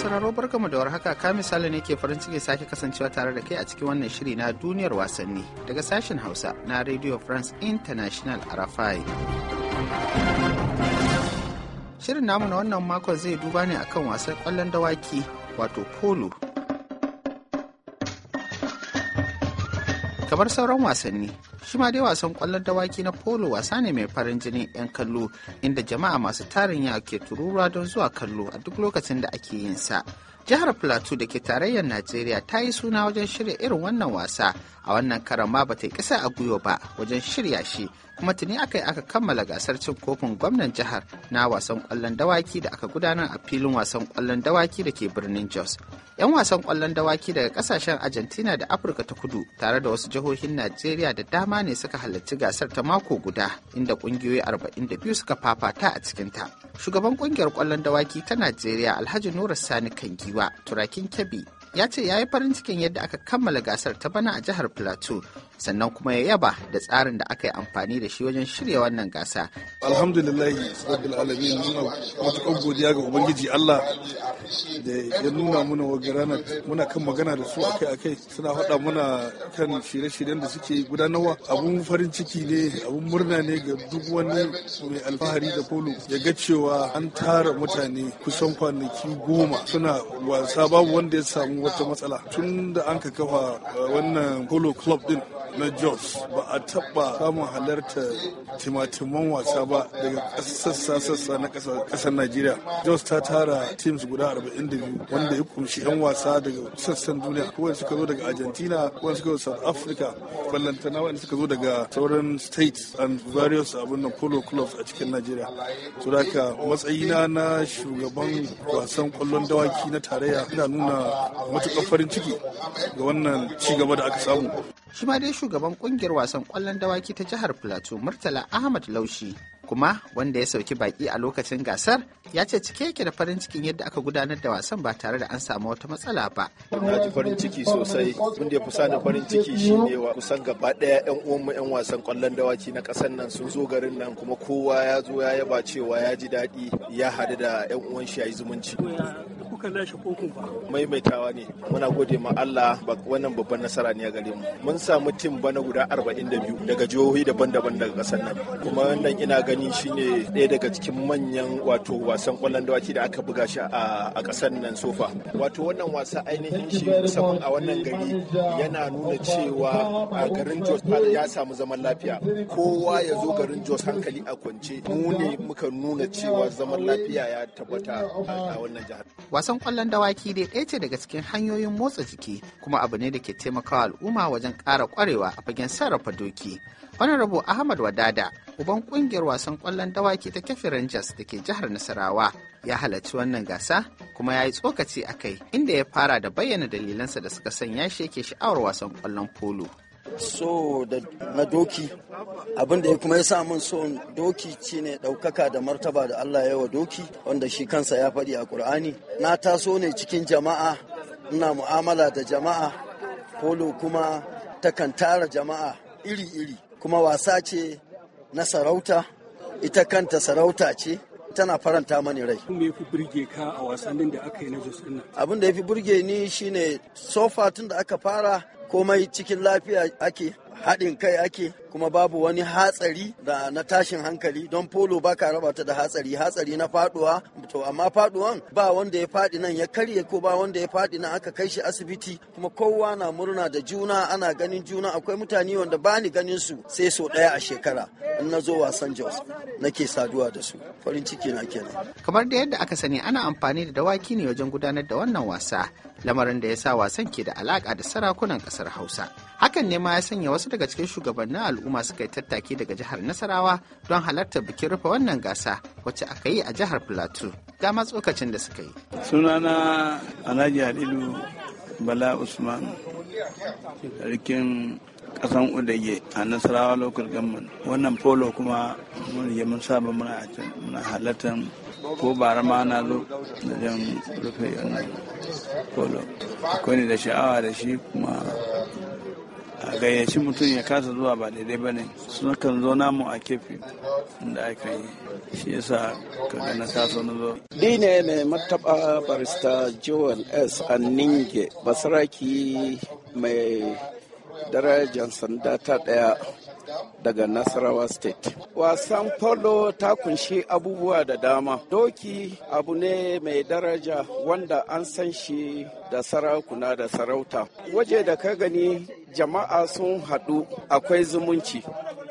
sauraro sauraro barkamu da haka ka misali ne ke farin ciki sake kasancewa tare da kai a cikin wannan shiri na duniyar wasanni daga sashen Hausa na Radio France International Arafai. Shirin namu na wannan makon zai duba ne akan wasan kwallon dawaki wato polo. Kamar sauran wasanni, shi ma dai wasan kwallon dawaki na polo wasa ne mai farin jini 'yan kallo inda jama'a masu tarin yawa ke tururuwa don zuwa kallo a duk lokacin da ake yin sa jihar plateau da ke tarayyar najeriya ta yi suna wajen shirya irin wannan wasa a wannan karan ma ba ta yi kasa a gwiwa ba wajen shirya shi kuma tuni aka yi aka kammala gasar cin kofin gwamnan jihar na wasan kwallon dawaki da aka gudanar a filin wasan kwallon dawaki da ke birnin jos yan wasan kwallon dawaki daga kasashen argentina da afirka ta kudu tare da wasu jihohin najeriya da dama dama ne suka halarci gasar ta mako guda inda kungiyoyi biyu suka fafata a cikinta. Shugaban kungiyar kwallon dawaki ta Najeriya Alhaji Nura Sani Kangiwa, Turakin Kebbi, ya ce ya yi farin cikin yadda aka kammala gasar ta bana a jihar Plateau sannan kuma ya yaba da tsarin da aka yi amfani da shi wajen shirya wannan gasa. Alhamdulillah rabbil alamin muna matuƙar godiya ga ubangiji Allah da ya nuna muna wagarana muna kan magana da su akai akai suna faɗa muna kan shirye-shiryen da suke gudanarwa abun farin ciki ne abun murna ne ga duk wani mai alfahari da polo ya ga cewa an tara mutane kusan kwanaki goma suna wasa babu wanda ya samu wata matsala tun da an ka kafa uh, wannan polo club din na Jos ba a taɓa samun halarta timatiman wasa ba daga sassa-sassa na ƙasar Najeriya. Jos ta tara teams guda 42 wanda ya kunshi 'yan wasa daga sassan duniya. Kowai suka zo daga Argentina, kowai suka zo South Africa, ballantana wanda suka zo daga sauran states and various abin polo clubs a cikin Najeriya. su haka matsayina na shugaban wasan kwallon dawaki na tarayya ina nuna matuƙar farin ciki ga wannan ci gaba da aka samu. shi ma dai shugaban kungiyar wasan kwallon dawaki ta jihar plateau murtala ahmad laushi kuma wanda ya sauki baki a lokacin gasar ya ce cike yake da farin cikin yadda aka gudanar da wasan ba tare da an samu wata matsala ba. Na ji farin ciki sosai wanda ya fusa da farin ciki shi wa kusan gaba ɗaya yan uwanmu yan wasan kwallon dawaki na ƙasar nan sun zo garin nan kuma kowa ya zo ya yaba cewa ya ji daɗi ya haɗu da yan uwan shi yayi yi zumunci. muka lashe koko ba. Maimaitawa ne muna gode ma Allah wannan babban nasara ne a gare mu. Mun samu tim bana guda 42 daga jihohi daban-daban daga kasar nan. Kuma wannan ina gani shine ɗaya daga cikin manyan wato wasan kwallon dawaki da aka buga shi a kasar nan sofa. Wato wannan wasa ainihin shi musamman a wannan gari yana nuna cewa a garin Jos ya samu zaman lafiya. Kowa ya zo garin Jos hankali a kwance. Mu ne muka nuna cewa zaman lafiya ya tabbata a wannan jihar. wasan kwallon dawaki dai ɗaya ce daga cikin hanyoyin motsa jiki kuma abu ne da ke taimakawa al'umma wajen ƙara ƙwarewa a fagen sarrafa doki. wani rabo Ahmad Wadada, uban ƙungiyar wasan kwallon dawaki ta kafe Rangers da ke jihar Nasarawa, ya halarci wannan gasa kuma ya yi tsokaci a kai inda ya fara da bayyana dalilansa da suka sanya shi yake sha'awar wasan kwallon polo. so da na doki abin da ya kuma ya sa min so doki ci ne ɗaukaka da martaba da Allah ya wa doki wanda shi kansa ya faɗi a Ƙur'ani na taso ne cikin jama'a ina mu'amala da jama'a polo kuma takan tara jama'a iri-iri kuma wasa ce na sarauta ita kanta sarauta ce tana faranta mani rai. Kuma ya fi burge ka a wasannin da aka yi na Jos Abin da ya fi burge ni shine sofa tun da aka fara komai cikin lafiya ake haɗin kai ake kuma babu wani hatsari da na tashin hankali don polo ba ka raba ta da hatsari hatsari na faduwa to amma faduwan ba wanda ya faɗi nan ya karye ko ba wanda ya faɗi nan aka kai shi asibiti kuma kowa na murna da juna ana ganin juna akwai mutane wanda ba ni ganin su sai so ɗaya a shekara in na zo wasan jos nake saduwa da su farin ciki na kenan kamar da yadda aka sani ana amfani da dawaki ne wajen gudanar da wannan wasa lamarin da ya sa wasan ke da alaka da sarakunan kasar hausa hakan ne ma ya sanya wasu daga cikin shugabannin al'umma suka yi tattaki daga jihar Nasarawa don halartar bikin rufe wannan gasa wacce aka yi a jihar Plateau. Ga tsokacin da suka yi. Sunana Alhaji Halilu Bala Usman, rikin kasan udage a nasarawa local government wannan polo kuma mun je mun saba muna muna halartar ko bara ma na zo da jan rufe wannan polo akwai ne da sha'awa da shi kuma a gayyaci mutum ya kasa zuwa ba daidai ba ne kan zo namu a kefi da aka yi shi yasa kaga na taso na zo dai ne mai mataba barista joel s anninge basaraki mai darajar sanda ta daya daga Nasarawa State. Wasan polo ta kunshi abubuwa da dama. Doki abu ne mai daraja wanda an san shi da sarakuna da sarauta. Waje da ka gani jama'a sun haɗu akwai zumunci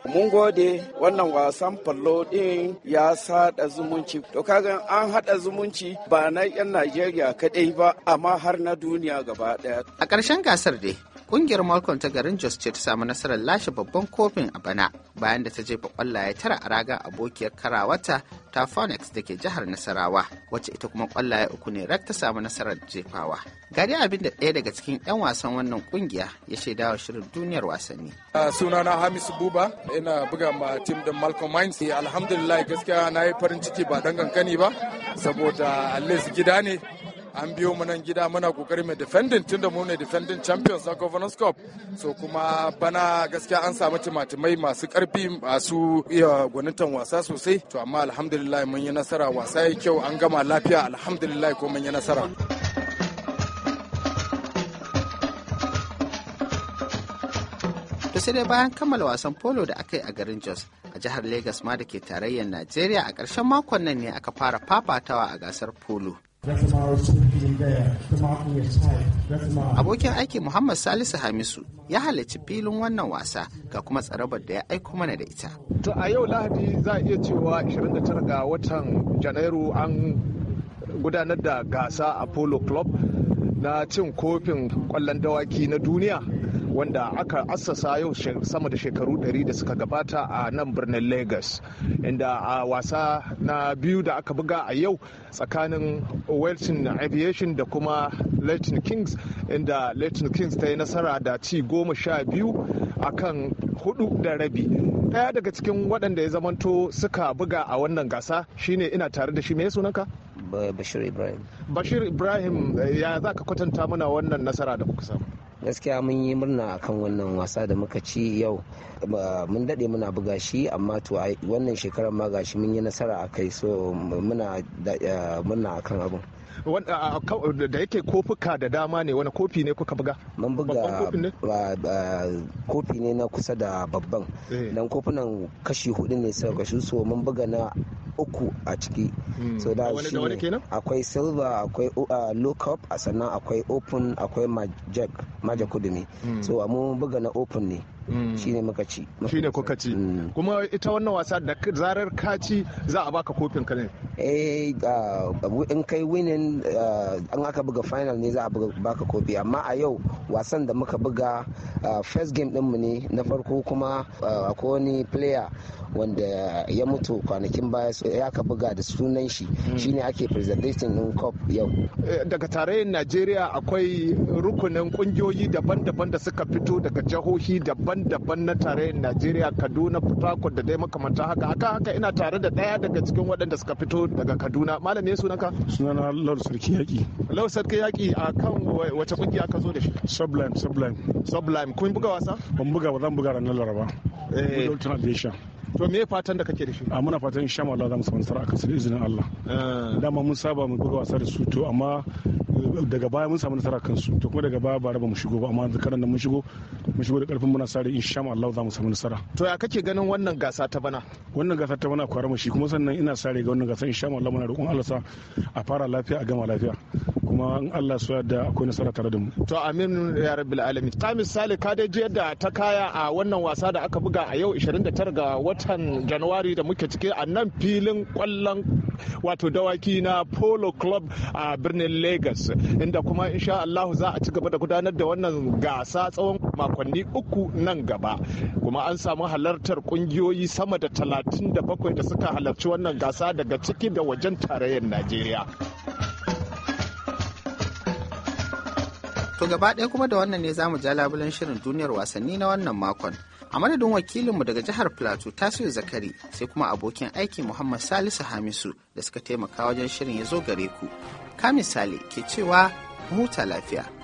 mun gode wannan wasan fallo ɗin ya saɗa zumunci to kaga an haɗa zumunci ba na yan najeriya kaɗai ba amma har na duniya gaba ɗaya a ƙarshen gasar dai Kungiyar Malcolm ta garin Jos ce ta samu nasarar lashe babban kofin a bana bayan da ta jefa kwallaye tara a raga abokiyar karawata ta Phoenix da ke jihar Nasarawa wacce ita kuma kwallaye uku ne rak ta samu nasarar jefawa. Gari abin da ɗaya daga cikin 'yan wasan wannan kungiya ya shaidawa shirin duniyar wasanni. Sunana Hamisu Buba ina buga ma tim din Malcolm Mines. Eh, alhamdulillah gaskiya na yi farin ciki ba dangan gani ba saboda Alice gida ne an biyo mu nan gida muna kokari mai defending tun da mu ne defending champions na governors cup so kuma bana gaskiya an samu timatimai masu karfi masu iya gwanintan wasa sosai to amma alhamdulillah mun yi nasara wasa ya kyau an gama lafiya alhamdulillah ko mun yi nasara sai dai bayan kammala wasan polo da aka yi a garin jos a jihar lagos ma da ke tarayyar najeriya a ƙarshen makon nan ne aka fara fafatawa a gasar polo Abokin aiki Muhammad Salisu Hamisu ya halarci filin wannan wasa ga kuma tsarabar da ya aiko mana da ita. To a yau Lahadi za a iya cewa 29 ga watan Janairu an gudanar da gasa a Polo Club na cin kofin kwallon dawaki na duniya wanda aka assasa yau sama da shekaru 100 da suka gabata a nan birnin lagos inda a wasa na biyu da aka buga a yau tsakanin welton aviation da kuma latin kings inda latin kings ta yi nasara da ci goma sha biyu a kan hudu da rabi daya daga cikin waɗanda ya zamanto suka buga a wannan gasa shine ina tare da shi me sunanka bashir ibrahim bashir ibrahim eh, ya za ka kwatanta mana wannan nasara da kuka samu gaskiya mun yi murna akan wannan wasa da muka ci yau mun daɗe muna buga shi amma to wannan shekarar ma gashi mun yi nasara a kai so muna eh, murna akan abun. da yake kofuka da dama ne wani kofi ne kuka buga mun buga kofi ne na kusa da babban eh. dan kofunan kashi hudu ne suka kashi so mun buga na uku a ciki hmm. so da shi akwai silver akwai uh, low cup a sannan akwai open akwai majak kudumi hmm. so amma buga na open ne Mm. shi ne muka ci ne kuka ci mm. kuma ita wannan wasa da zarar ka ci za a baka kofin ka ne eh in kai winin eh, an aka buga final ne za a baka kofi amma a yau wasan da muka buga eh, first game din mu ne na farko kuma eh, akwai wani player wanda ya mutu kwanakin baya ya ka buga da sunan shi mm. shine ake presentation din cup yau daga tarayyar najeriya akwai rukunin kungiyoyi daban-daban da suka fito daga jihohi daban daban-daban na tarayyar najeriya kaduna port da dai makamantan haka haka haka ina tare da ɗaya daga cikin waɗanda suka fito daga kaduna malam ne sunanka sunana lord sarki yaƙi lord sarki yaƙi a kan wace ƙungiya ka zo da shi sublime sublime sublime kun buga wasa ban buga ba zan buga ranar laraba eh to me fatan da kake da shi a muna fatan insha Allah za mu samu nasara akan su izinin Allah eh. dama mun saba mu buga wasa da su to amma eh, daga baya mun samu nasara kan su to kuma daga baya ba mu shigo ba amma karan da mun shigo mun shigo da karfin muna sare insha Allah za mu samu nasara to ya kake ganin wannan gasa ta bana wannan gasa ta bana kwara mu shi kuma sannan ina sare ga wannan gasa insha Allah muna roƙon Allah sa a fara lafiya a gama lafiya kuma in Allah su yadda akwai nasara tare da mu to amin ya rabbil alamin kamis sale ka dai ji yadda ta kaya a wannan wasa da aka buga a yau 29 ga watan januwari da muke ciki a nan filin kwallon wato dawaki na polo club a birnin lagos inda kuma insha Allah za a ci gaba da gudanar da wannan gasa tsawon makonni uku nan gaba kuma an samu halartar kungiyoyi sama da talatin da da suka halarci wannan gasa daga ciki da wajen tarayyar najeriya To gaba ɗaya kuma da wannan ne zamu ja labulen shirin duniyar wasanni na wannan makon. A madadin wakilinmu daga jihar Plateau Tasiu Zakari sai kuma abokin aiki Muhammad Salisu Hamisu da suka taimaka wajen shirin ya zo gare ku. Ka misali ke cewa huta lafiya.